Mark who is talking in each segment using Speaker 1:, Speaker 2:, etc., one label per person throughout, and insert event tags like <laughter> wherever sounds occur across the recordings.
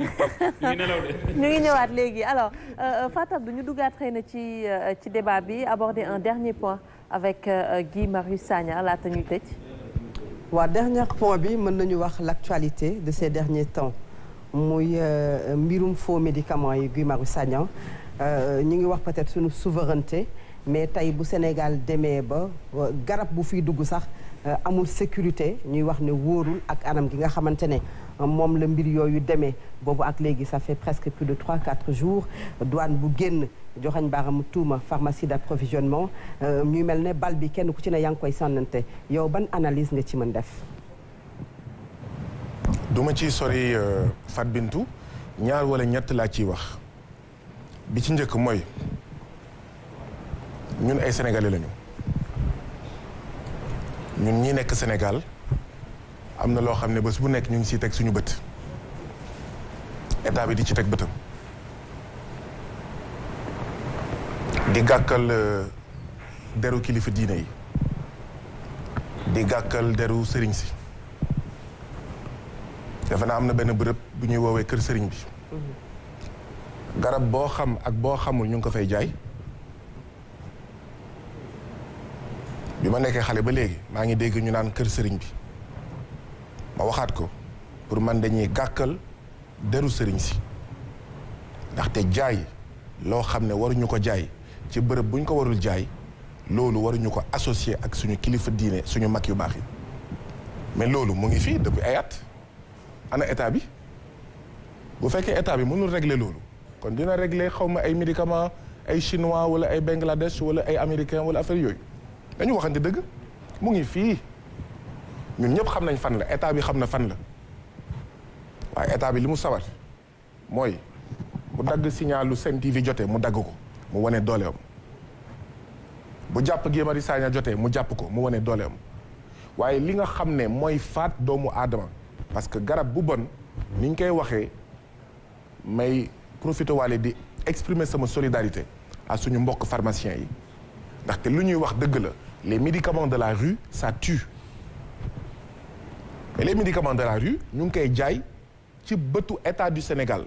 Speaker 1: <laughs> ñu ngi ñëwaat léegi alors euh, euh, Fatou Abdou ñu duggaat xëy na ci euh, ci débat bi aborder un dernier point avec Guy Marius Sagna laata ñuy tëj. waaw dernier point bi mën nañu wax l'actualité de ces derniers temps muy mbirum faux médicaments yi Guy Marius Sagna ñu ngi wax peut-être suñu souveraineté mais tey bu Sénégal demee ba garab bu fi dugg sax amul sécurité ñuy wax ne wóorul ak anam gi nga xamante ne. moom la mbir yooyu demee boobu ak léegi ça fait presque plus de trois quatre jours douane bu génn joxañ baaraam tuuma pharmacie d'approvisionnement euh, ñu mel ne bal bi kenn ku ci ne yaa ngi koy sànnante yow ban analise nga ci mën def. duma ci sori euh, Fat Bintou ñaar wala ñett laa ciy wax bi ci njëkk mooy ñun ay sénégalais lañu ñun ñi nekk Sénégal am na loo xam ne bés bu nekk ñu ngi siy teg suñu bët état bi di ci teg bëtam di gàkkal euh, deru kilifa diine yi di gàkkal deru sëriñ si defe naa am na benn bërëb bu ñuy woowee kër sëriñ bi garab boo xam ak boo xamul ñu ngi ko fay jaay bi ma nekkee xale ba léegi maa ngi dégg ñu naan kër sëriñ bi ma waxaat ko pour man dañuy gàkkal deru sëriñ si ndaxte jaay loo xam ne waruñu ko jaay ci bërëb buñ ko warul jaay loolu waruñu ko associé ak suñu kilifa diine suñu mag yu baax yi mais loolu mu ngi fii depuis ay at ana état bi bu fekkee état bi mënul régler loolu kon dina régler xaw ma ay médicament ay chinois wala ay bangladesh wala ay américain wala affaire yooyu dañu waxante dëgg mu ngi fii ñun ñëpp xam nañ fan la état bi xam na fan la waaye état bi li mu sawar mooy bu dagg signal lu Sen TV jotee mu dagg ko mu wane dooleem bu jàpp Guy Marius jotee mu jàpp ko mu wane dooleem waaye li nga xam ne mooy faat doomu aadama parce que garab bu bon ni ñu koy waxee may profité waale di exprimer sama solidarité à suñu mbokk pharmacien yi ndaxte lu ñuy wax dëgg la les médicaments de la rue ça tue et les médicaments de la rue ñu ngi koy jaay ci bëtu état du Sénégal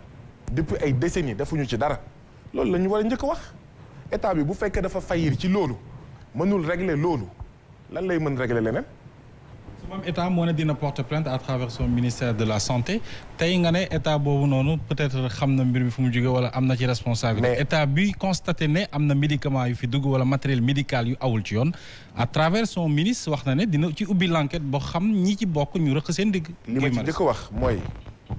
Speaker 1: depuis ay décennies defuñu ci dara loolu la ñu war a njëkk wax état bi bu fekkee dafa fayir ci loolu mënul regle loolu lan lay mën regle leneen. moom état moo ne dina porter plainte à son ministère de la santé tey nga ne état boobu noonu peut-être xam na mbir mi fu mu jóge wala am na ci responsabilité. état bi constaté ne am na médicament yu fi dugg wala matériel médical yu awul ci yoon à travers son ministre wax na ne dina ci ubbi l'enquête boo xam ñi ci bokk ñu rëq seen digg. li ma ci dëkk wax mooy.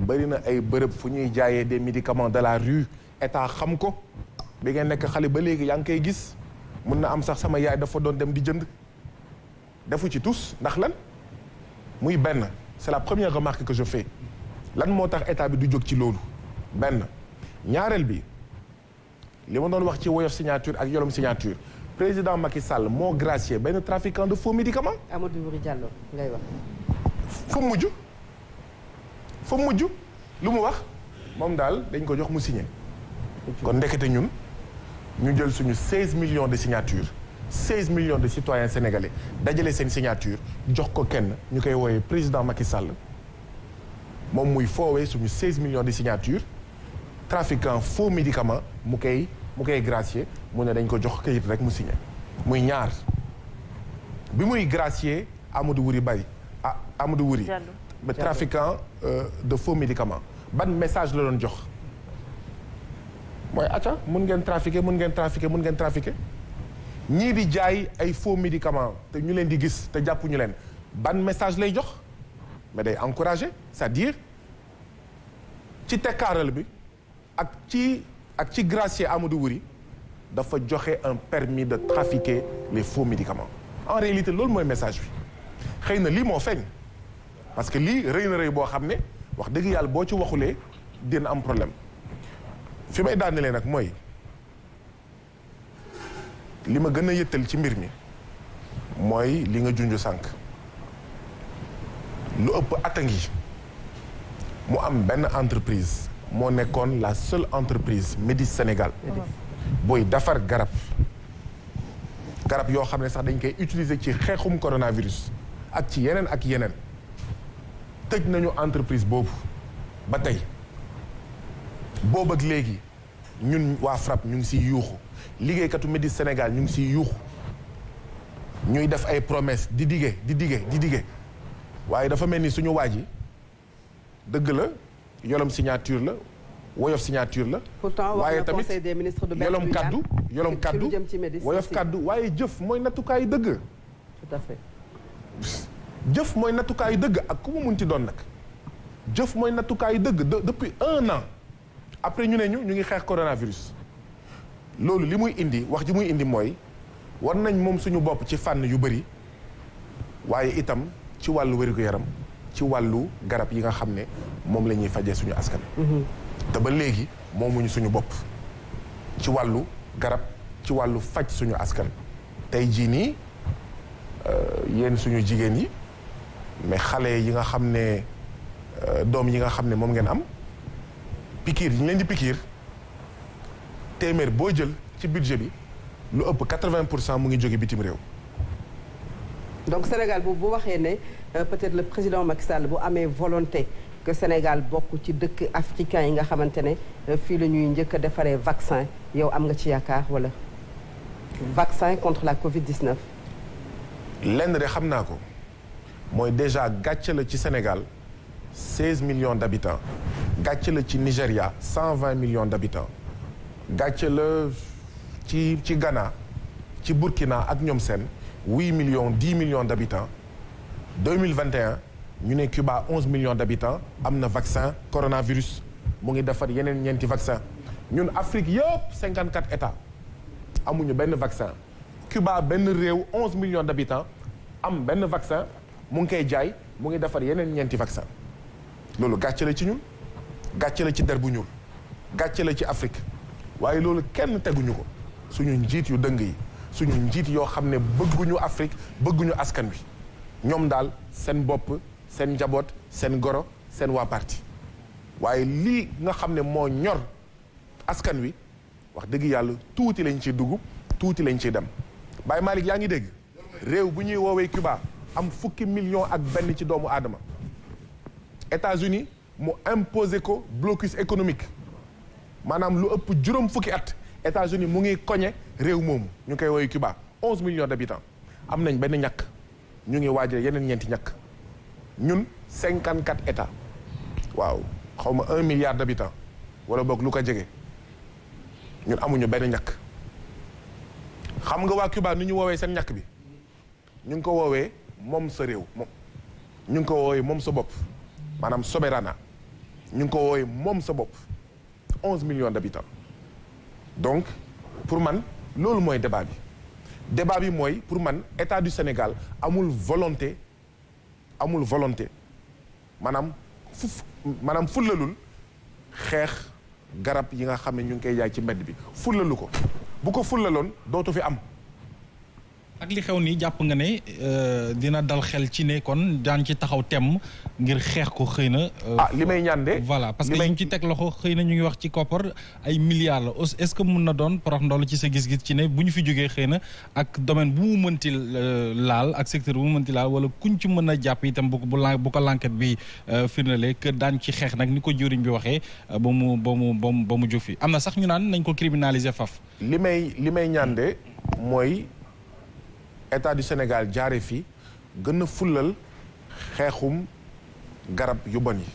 Speaker 1: bëri na ay bërëb fu ñuy jaayee de médicaments de la rue état xam ko bi ngeen nekk xale ba léegi yaa ngi koy gis mun na am sax sama yaay dafa doon dem di jënd defu ci tus ndax lan. muy benn c'est la première remarque que je fais lan moo tax état bi du jóg ci loolu benn ñaareel bi li ma doon wax ci woyof signature ak yolom signature président Macky Sall moo gracié benn trafiquant de faux médicaments. Amadou Bouri Diallo ngay wax. fa mujj fa mujj lu mu wax moom daal dañ ko jox mu signé. kon ndekete ñun ñu jël suñu 16 million de signatures 16 millions de citoyens sénégalais dajale seen signature. jox ko kenn ñu koy wooyee président Macky Sall moom muy foowee suñu 16 millions de signatures trafiquant faux médicament mu koy mu koy gracier mu ne dañ ko jox kayit rek mu signé muy ñaar bi muy gracier Amadou Wuri Bari ah Amadou Wuri mais trafiquant euh, de faux médicament ban message la doon jox mooy acca mun ngeen trafiquer mun ngeen trafiquer mun ngeen trafiquer ñii di jaay ay faux médicament te ñu leen di gis te jàppuñu leen ban message lay jox mais day encourager c'est-à-dire ci tekkaaral bi ak ci ak ci gracier Amadou Wuri dafa joxe un permis de trafiquer les faux médicaments en réalité loolu mooy message bi xëy na lii moo feeñ parce que lii rëy na rëy boo xam ne wax dëgg yàlla boo ci waxulee dina am problème fi may daanelee nag mooy li ma gën a yëttal ci mbir mi mooy li nga junj sànq lu ëpp at a ngi mu am benn entreprise moo nekkoon la seule entreprise Médis Sénégal booy defar garab garab yoo xam ne sax dañ koy utiliser ci xeexum coronavirus ak ci yeneen ak yeneen tëj nañu entreprise boobu ba tey boobu ak léegi ñun waa FRAPP ñu ngi siy yuuxu liggéeykatu Medis Sénégal ñu ngi siy yuuxu ñuy def ay promesse di dige di dige di dige waaye dafa mel ni suñu waa ji dëgg la yolom signature la woyof siñature la. waaye tamit yolom kaddu yolom kaddu woyof kàddu waaye jëf mooy nattukaayu dëgg. tout jëf mooy nattukaayu dëgg ak ku mu munti doon nag. jëf mooy nattukaayu dëgg depuis un an. après ñu ne ñu ñu ngi xeex coronavirus loolu li muy indi wax ji muy indi mooy war nañ moom suñu bopp ci fànn yu bëri waaye itam ci wàllu wér yaram ci wàllu garab yi nga xam ne moom la ñuy fajee suñu askan. Mhm. te ba léegi moomuñu suñu bopp ci wàllu garab ci wàllu faj suñu askan. tey jii nii euh, yéen suñu jigéen yi mais xale yi nga xam ne euh, doom yi nga xam ne moom ngeen am. pikiir yi ñu leen di pikiir téeméer boo jël ci budget bi lu ëpp quatre-vingt pour cent mu ngi jóge bitim réew. donc Sénégal bu bu waxee ne euh, peut-être le président Macky Sall bu amee volonté que Sénégal bokk ci dëkk africain yi nga xamante ne euh, fii la ñuy njëkk a defaree vaccin yow am nga ci yaakaar wala. vaccin contre la Covid 19. lenn rek xam naa ko mooy déjà gàcce la ci Sénégal million millions d'habitants. gàcc la ci Nigéria cent vingt millions d'habitants gàcce la ci ci Ghana ci Burkina ak ñoom seen huit millions dix millions d'habitants deux mille vingt et ñu ne Cuba million millions d'habitants am na vaccin coronavirus mu ngi defar yeneen ñeenti vaccin ñun Afrique yëpp cinquante quatre états amuñu benn vaccin Cuba benn réew million millions d'habitants am benn vaccin mu ngi koy jaay mu ngi defar yeneen ñeenti vaccin loolu gàcc la ci ñun. gàcce la ci der bu ñuul gàcce la ci Afrique waaye loolu kenn teguñu ko suñu njiit yu dëng yi suñu njiit yoo xam ne bëgguñu Afrique bëgguñu askan wi ñoom daal seen bopp seen njaboot seen goro seen waa parti waaye lii nga xam ne moo ñor askan wi wax dëgg yàlla tuuti lañ ciy dugub tuuti lañ ciy dem Baye Malick yaa ngi dégg réew bu ñuy woowee Cuba am fukki million ak benn ci doomu aadama états mu imposé ko blocus économique maanaam lu ëpp juróom fukki at États-Unis mu ngi koñe réew moomu ñu koy woyu Cuba onze millions d'habitants am nañ benn ñàkk ñu ngi waajal yeneen ñeenti ñàkk ñun cinquante quatre états waaw xaw ma un milliard d'habitants wala boog lu ko jege ñun amuñu benn ñàkk xam nga waa Cuba nu ñu woowee seen ñàkk bi ñu ngi ko woowee moom sa réew moom ñu ngi ko woowee moom sa bopp maanaam soberana ñu ngi ko woowee moom sa bopp onze millions d'habitants donc pour man loolu mooy débat bi débat bi mooy pour man état du Sénégal amul volonté amul volonté maanaam fu maanaam fullalul xeex garab yi nga xam ne ñu ngi koy jaay ci mbedd bi fullalu ko bu ko fullaloon dootu fi am ak li xew nii jàpp nga ne euh, dina dal xel ci ne kon daan ci taxaw temm ngir xeex ko xëy na. Euh, ah li may ñaan de. voilà parce que ñu ngi ci teg loxo xëy na ñu ngi wax ci koppar ay milliards la est-ce que mun na doon porox ndool ci sa gis-gis ci ne bu ñu fi jógee xëy na ak domaine bu mu mënti euh, laal ak secteur bu mu mënti laal wala kuñ ci mën a jàpp itam bu bu bu ko l'enquête bi firndale que daan ci xeex nag ni ko jëriñ bi waxee ba mu ba mu ba mu ba mu jóg fi am na sax ñu naan nañ ko criminaliser faf état du Sénégal jaare fi gën a fulal xeexum garab yu bon yi.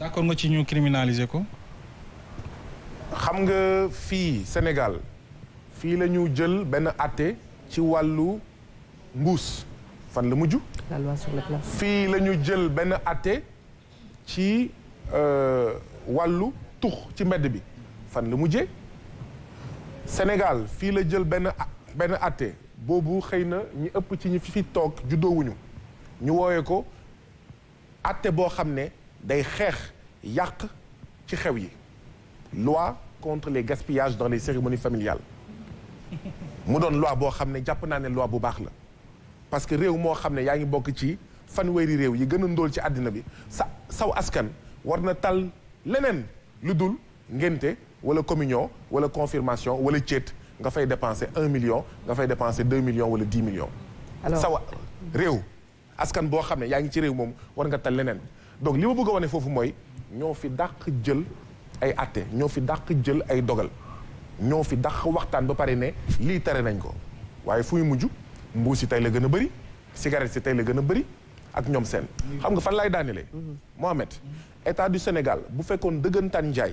Speaker 1: d'accord nga ci ñu criminaliser ko. xam nga fii Sénégal fii lañu jël benn àtte ci wàllu nguus fan la mujj. fii lañu jël benn àtte ci euh, wàllu tux ci mbedd bi fan la mujjee Sénégal fii la jël benn benn àtte. boobu xëy na ñi ëpp ci ñi fi toog juddoowuñu ñu woowee ko atte boo xam ne day xeex yàq ci xew yi loi contre les gaspillages dans les cérémonies familiales mu doon loi boo xam ne jàpp naa ne loi bu baax la parce que réew moo xam ne yaa ngi bokk ci fanweeri réew yi gën a ndóol ci àddina bi sa saw askan war na tal leneen lu dul ngénte wala communion wala confirmation wala céet nga fay dépenser un million nga fay dépenser deux millions wala dix millions. alors sawa réew askan boo xam ne yaa ngi ci réew moom war nga tal leneen donc li ma bëgg a wane foofu mooy ñoo fi dàq jël ay atte ñoo fi dàq jël ay dogal ñoo fi dàq waxtaan ba pare ne lii tere nañ ko waaye fuy mujj mbuus si tey la gën a bëri cigarette si tey la gën a bëri ak ñoom seen xam nga fan laay daanelee Mohamed état du Sénégal bu fekkoon dëggantaan njaay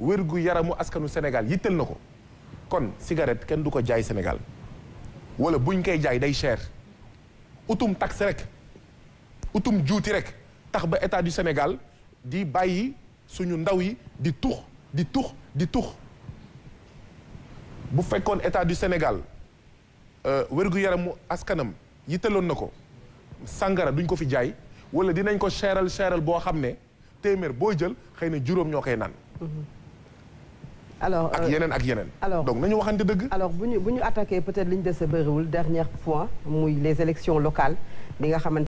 Speaker 1: wér gu yaramu askanu Sénégal yittal na ko kon cigarette kenn du ko jaay Sénégal wala buñ koy jaay day cher utum taxe rek utum juuti rek tax ba état du Sénégal di bàyyi suñu ndaw yi di tux di tux di tux bu fekkoon état du Sénégal euh, wér-gu-yaramu askanam yitteloon na ko sàngara duñ ko fi jaay wala dinañ ko seeral seeral boo xam ne téeméer boo jël xëy na juróom ñoo koy naan mm-hmm. alors ak euh, yeneen ak yeneen. alors donc nañu waxante dëgg. alors bu ñu bu ñu attaqué peut-être li ñu dese bëriwul dernier point muy les élections locales li nga xamante.